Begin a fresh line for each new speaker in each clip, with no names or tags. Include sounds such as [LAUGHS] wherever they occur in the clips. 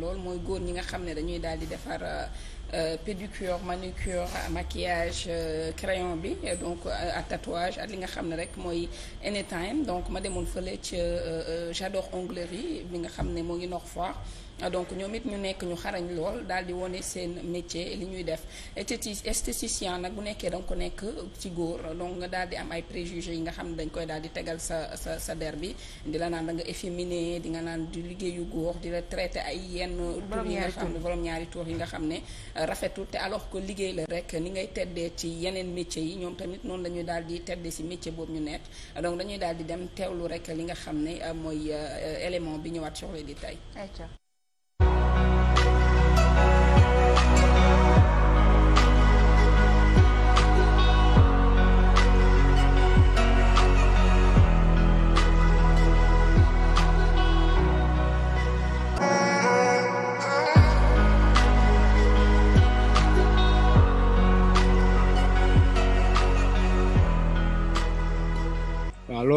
loolu mooy góor ñi nga xam ne dañuy daal di defar euh, pédicure manucure maquillage euh, crayon bi donc euh, à tatouage ak li nga xam ne rek mooy anytime donc ma demoon fële ca j'adore onglerie bi nga xam ne moo ngi Nord Foire Ah, donc ñoom it ñu nekk ñu xarañ lool daal di wone seen métier li ñuy def esthéticien nag bu nekkee danga ko nekk ci góor donc nga daal di am ay préjugés yi nga xam ne dañ koy daal di tegal sa sa sa der bi di la naan nga efféminé di nga naan di liggéeyu góor di la traité ay yenn tur yi nga xam borom ñaari tur yi nga xam ne euh, rafetul te alors que liggéey la rek ni ngay teddee ci yeneen métiers yi ñoom tamit noonu la ñuy daal di teddee si métier boobu ñu nekk donc dañuy daal di dem teewlu rek li nga xam ne euh, mooy euh, élément bi ñëwaat sur les détails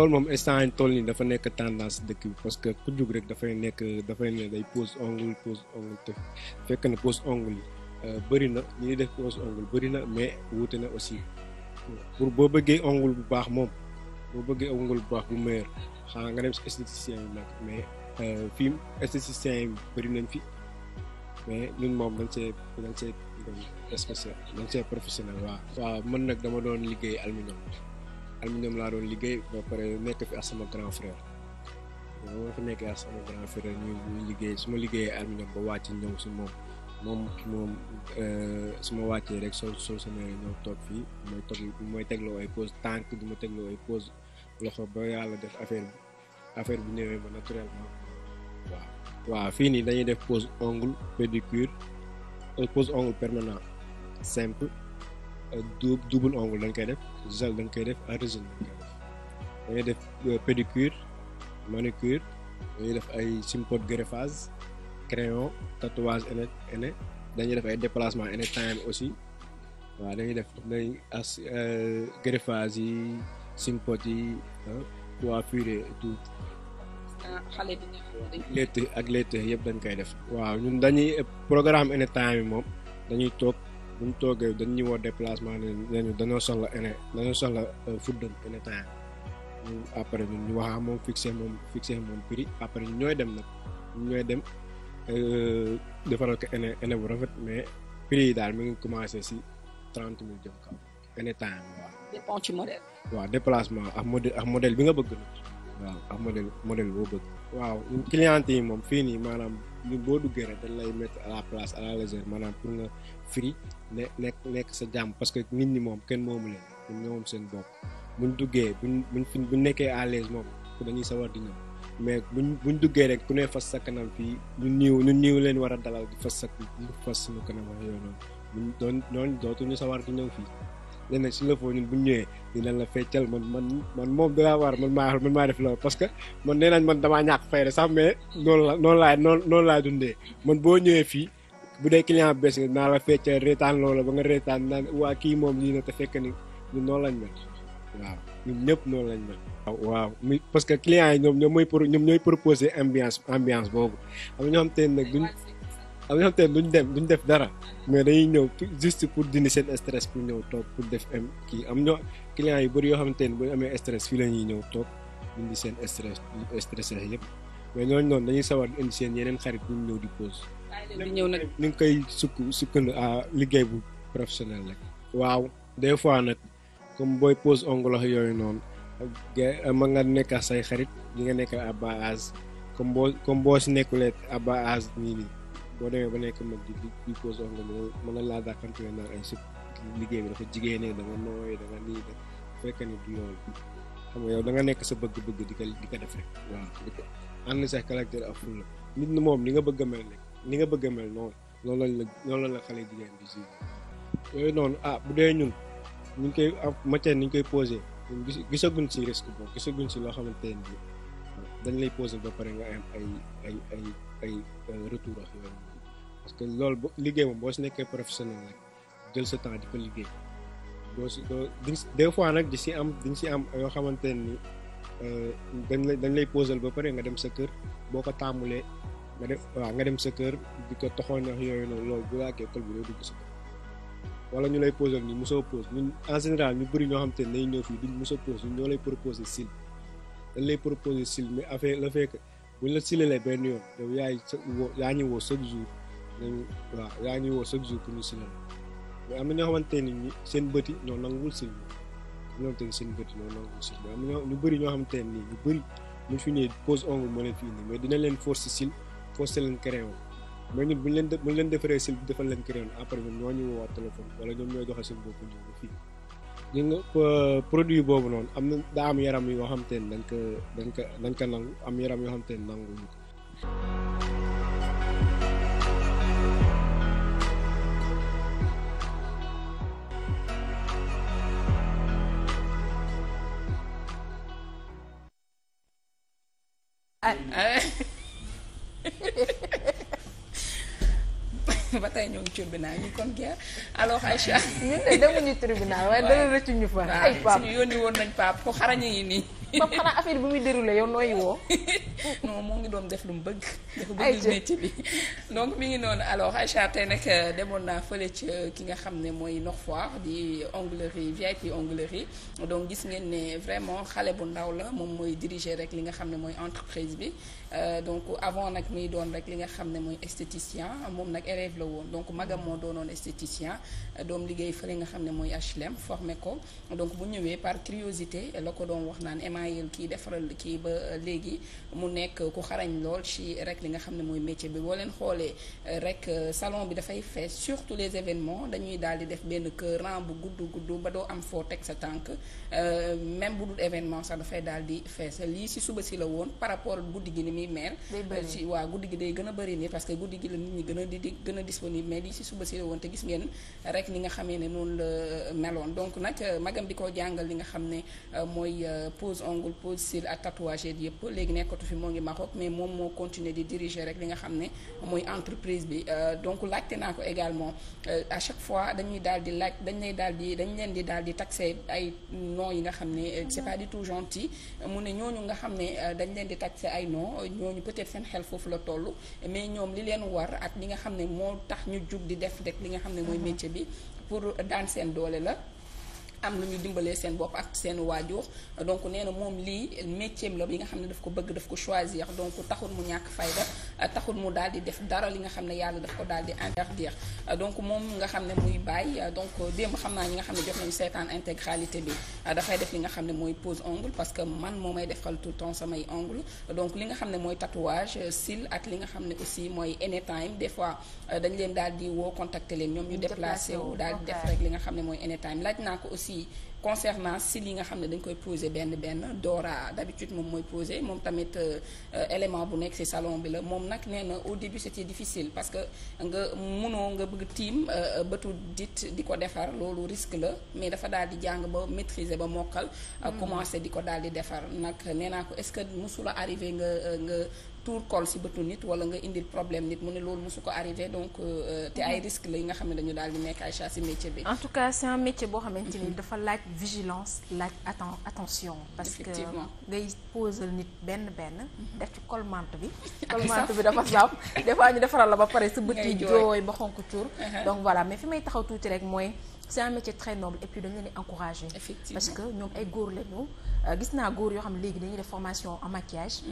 loolu moom instant yi toll nii dafa nekk tendance dëkk bi parce que ku jug rek dafay nekk dafay ne day pose ongle pose ongle te fekk na pose ongle yi euh, bëri na li ñuy def pose ongle bëri na mais wuute na aussi pour boo bëggee ongle bu baax moom boo bëggee ongul bu baax bu meilleur xanaa nga dem si esthéticien yi nag mais euh, fii esthéticien yi bëri nañ fi mais ñun moom nañ see dañ see spécial dañ see professionnel waaw waaw man nag dama doon liggéey aluminium aluminium laa doon liggéey boo pare nekk fi ak sama grand frère moo fi nekkee ak sama grand frère ñu liggéey su ma liggéeyee aluminium ba wàcc ñëw si moom moom moom euh, su ma wàccee rek soo soo sama ñëw toog fii mooy toog mooy tegloo ay pause tànk du ma tegloo ay pause loxo ba yàlla def affaire bi affaire bi ñëwee ba naturellement waaw fii nii dañuy def pause ongle pédicure euh, pause ongle permanent simple double ongle dañ koy def gel dañ koy def artisanal dañ koy def dañuy def euh, pédicure manucure dañuy def ay simpot greffage crayon tatouage ene ene dañuy def ay déplacement ene time aussi waa dañuy def dañ as euh, yi simpot yi coiffure et tout xale ak létt yëpp dañ koy def waaw ñun dañuy programme ene time moom dañuy toog bu ñu toogee dañ ñu woo déplacement ne ñu dañoo soxla ene dañoo soxla euh, Foden ene temps ñu après ñun ñu waxaa moom fixé moom fixé moom prix après ñooy dem nag ñooy dem euh, defaral ko ene ene bu rafet mais prix yi daal mi ngi commencé si trente mille jëm kaw ene temps waaw.
dépend ci modèle.
déplacement ak modèle ak modèle bi nga bëgg nag. waaw ak modèle modèle boo bëgg. waaw client yi moom fii nii maanaam ñu boo duggee rek dañ lay mettre à la place à la légère maanaam pour nga firi nekk nekk sa jàmm parce que nit ñi moom kenn moomu leen ñoom ñoom seen bopp buñ duggee buñ buñ fi buñ nekkee à l'aise moom dañuy sawar di ñëw mais bu buñ duggee rek ku ne fas sa kanam fii ñu niiw ñu niiw leen war a dalal di fas sa fas suñu kanam ak yooyu noonu buñ doon noonu dootuñu sawar di ñëw fii. léegi nag suñu la foo ñun bu ñu ñëwee dinañ la feccal man man man moom dinaa war man maa man maa def loolu parce que man nee nañ man damaa ñàkk fayda sax mais noonu la noonu laay noonu noonu laay dundee man boo ñëwee fii bu dee client bees nga naa la feccal reetaan loola ba nga reetaan naan waa kii moom lii na te fekk ni ñun noonu lañ mel waaw ñun ñëpp noonu lañ mel. waaw parce que client yi ñoom ñoom mooy ñoom ñooy proposer ambiance ambiance boobu xam nga ñoo xam te nag duñ. am na xam te duñ dem duñ def dara mais dañuy ñëw juste pour dindi seen stress pour ñëw toog pour def am kii am ñoo client yu bëri yoo xamante ne bu amee stress fii la ñuy ñëw toog dindi seen stress stressé yëpp mais ñooñu noonu dañuy sawar di indi seen yeneen xarit ñu ñëw di pause. ñëw nag ñu ngi koy sukk sukkand à liggéey bu professionnel rek. waaw des fois nag comme booy pause onglox yooyu noonu ma nga nekk say xarit ñi nga nekk à bas comme boo comme boo si nekkulee à bas âge nii boo demee ba nekk mag di di pose wax nga mën a laa dàkkante naan ay sëb liggéey bi dafa jigéenee da nga nooy da nga nii da ni du xam nga yow da nga nekk sa bëgg-bëgg di ko di ko sa caractère nit ñi moom ni nga bëgg a mel rek ni nga bëgg a mel noonu loolu lañ la loolu la xale jigéen bi si yooyu noonu ah bu dee ñun ñu ngi koy ah, matière ni ñu koy posé gisaguñ si risque boobu gisaguñ si loo xamante ne dañ lay posé ba pare nga am ay ay ay ay euh, retour ak yooyu parce que loolu boo liggéey ma boo si nekkee professionnel rek jël sa temps di ko liggéey doo si doo des fois nag di si am di si am yoo xamante ni euh, dañ lay dañ lay posal ba pare nga dem sa kër boo ko tàmmulee nga dem waaw nga dem sa kër di ko toxoon yooyu noonu loolu bu laakee kër bi doo dugg sa kër wala ñu lay posal ni mosoo pose ñun en général ñu bëri ñoo xamante ni dañuy ñëw fii duñ mosoo pose ñun ñoo lay proposer sil dañ lay proposer sil mais affaire la fekk buñ la silalee benn yoon yow sa woo yaa ñu nañu waaw yaa ñuy woo chaque jour pour ñu signaler mais am na ñoo xamante ne nii seen bët yi ñoo nanguwul signé ñoo xamante ne seen bët yi ñoo ñu bëri ñoo xamante ne nii ñu bëri ñu fi ñëwee pose ongle moo leen fi indi mais dina leen force sil force leen crayon mais ñun bu ñu leen def bu ñu leen defaree sil defal leen crayon après ñoom ñoo ñu woo téléphone wala ñoom ñooy doxal seen bopp ñëw ba fii. ñu nga produit boobu noonu am na daa am yaram yoo xamante ne dañ ko dañ ko dañ ko nangu am yaram yoo xamante ne nanguwuñ ko
Ah. [LAUGHS] ba ñoom ñoo ngi tribunal ñu kon guerre alors Aïcha. ñun de demuñu tribunal waaye [LAUGHS] dara rëccuñu fa. ay Pape waaw suñu yónni woon nañ Pape ku xarañu yi nii. foofu xanaa affaire bi muy déroulé yow nooy woo. [LAUGHS] non moo ngi doon def lu mu bëgg. dafa bëgg métier bi donc mi ngi noonu alors Aïcha tey nag euh, demoon naa fële ci euh, ki nga xam ne mooy Nord Foire di onglerie VIP onglerie donc gis ngeen ne vraiment xale bu ndaw la moom mooy diriger rek li nga xam ne mooy entreprise bi euh, donc avant nag muy doon rek li nga xam ne mooy esthéticien moom nag élève la woon donc magam mm. moo doonoon esthéticien doom liggéey fële nga xam ne mooy HLM formé ko ko mayil kii defaral kii ba euh, léegi mu nekk ku xarañ lool ci rek li nga xam ne mooy métier bi boo leen xoolee euh, rek euh, salon bi dafay fees surtout les événements dañuy daal di def benn kër rang bu gudd gudd ba doo am foo teg sa tànk même bu dul événement sax dafay daal di fees lii si suba si la woon par rapport guddi gi ni muy mel ci waaw guddi gi day gën a bëri ni parce que guddi gi nit ñi gën di di gën a disponible mais lii ci suba si la woon te gis ngeen rek li nga xamee ne noonu la meloon donc nag magam di ko jàngal li nga xam ne mooy pose ongles pose cils ak tatouage yëpp léegi nekkatu fi moo ngi Maroc mais moom moo continuer di diriger rek li nga xam ne mooy entreprise bi euh, donc laajte naa ko également euh, à chaque fois dañuy daal di laaj dañ lay daal di dañ leen di daal di taxé ay noms yi nga xam ne euh, c'est pas du mu ne ñooñu nga xam ne dañ leen di taxé ay noms ñooñu peut-être seen xel foofu la toll mais ñoom li leen war ak li nga xam ne moo tax ñu jug di def rek li nga xam ne mooy métier bi pour daan seen doole la am lu ñu dimbalee seen bopp ak seenu waajur donc nee na moom lii métier la bi nga xam ne daf ko bëgg daf ko choisir donc taxul mu ñàkk fayda taxul mu daal di def dara li nga xam ne yàlla daf ko daal di interdire donc moom nga xam ne muy bàyyi donc démb xam naa ñi nga xam ne jot nañu seetaan intégralité bi dafay def li nga xam ne mooy pose ongle parce que man moo may defal tout le temps samay ongle nga xam ne mooy tatouage cils ak li nga xam ne aussi mooy anytime des fois dañ leen daal di woo contacter leen ñoom ñu déplacé wu daal di def rek li nga xam ne mooy anytime laaj naa ko aussi concernant si li nga xam ne dañ koy poser benn benn Dora d'habitude moom mooy poser moom tamit euh, élément bu nekk ci salon bi la moom nag nee na au début c'était difficile parce que nga munoo nga bëgg tiim euh, bëtu dit di ko defar loolu risque la mais dafa daal di jàng ba maîtriser ba mokkal. Euh, mm. commencer di ko daal di defar nag nee naa ko est-ce que musula arrivé nga nga. tour kool si bëtu nit wala nga indil problème nit mu ne loolu mosu ko arrivé donc euh, te ay mhm. risque la yi nga xam ne dañu daal di nekk ay si métier bi en tout cas c'est un boo xamante ni mhm. dafa laaj vigilance laaj atten attention parce que ngay posal nit benn benn mhm. def ci colmante bi [LAUGHS] colmante bi dafa saf [LAUGHS] des fois ñu defaral la ba pare sa bët yi jooy ba xonk cuur donc voilà mais fi may taxaw tuuti rek mooy c'est un métier très noble et puis dañu leen encourager parce que ñoom ay góor lañu euh, gis naa góor yoo xam ne léegi dañuy def formation en maquillage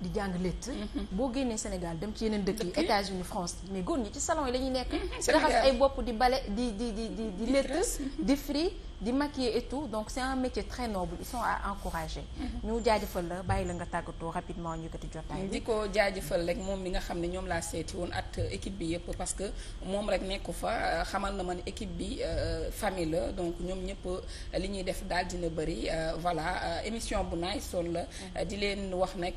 di jàng létt mhm. boo génnee Sénégal dem ci yeneen dëkk yi États-Unis France mais góor ñi ci salon yi la ñuy nekk mhm. raxas ay bopp di bale di di di di di di fri di maquiller et tout donc c'est un métier très noble ils sont à encourager. Mm-hmm. ñu jaajëfal la bàyyi la nga tàggatoo rapidement ñu gëti jotaay di ko jaajëfal rek moom mi nga xam ne ñoom laa seeti woon at équipe bi yëpp parce que moom rek nekku fa xamal na ma ne équipe bi euh, famille la donc ñoom ñëpp li ñuy def daal dina bëri euh, voilà euh, émission bu naay sol la mm-hmm. di leen wax nag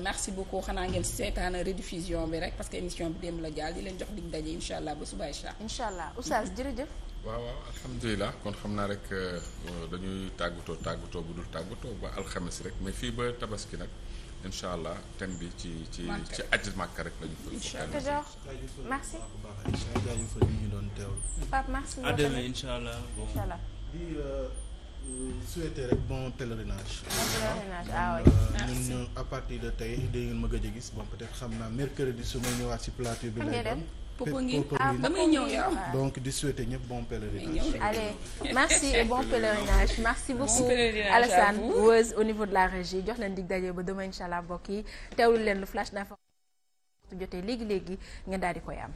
merci beaucoup xanaa ngeen seetaan rediffusion bi rek parce que émission bi démb la jàll di leen jox dig daje incha allah ba suba incha allah. incha allah oustaz mm-hmm.
waaw waaw kon xam naa rek euh, dañuy tàggatoo tàggatoo bu dul tàggatoo ba alxames rek mais fii ba tabaski nag incha allah thème bi ci ci ci aji màkk rek la ñu fa. incha allah merci. doon teewlu.
Pape merci. à demain
allah bon. incha allah di euh, souhaiter rek bon pèlerinage. bon
ah, pèlerinage ah oui. Euh,
merci ñun de tey dangeen ma gëj a gis bon peut-être xam naa mercredi su ma ñëwaat ci plateau bi. lay dem
Popenguine ah damay ñëw yow
donc di souhaiter ñëpp bon pèlerinage.
allez merci et bon pèlerinage. merci beaucoup Alassane Weuze au niveau de la régie jox leen dig daje ba demain incha allah mbokk yi teewlu leen lu flash d'information jotee léegi léegi ngeen daal di koy am.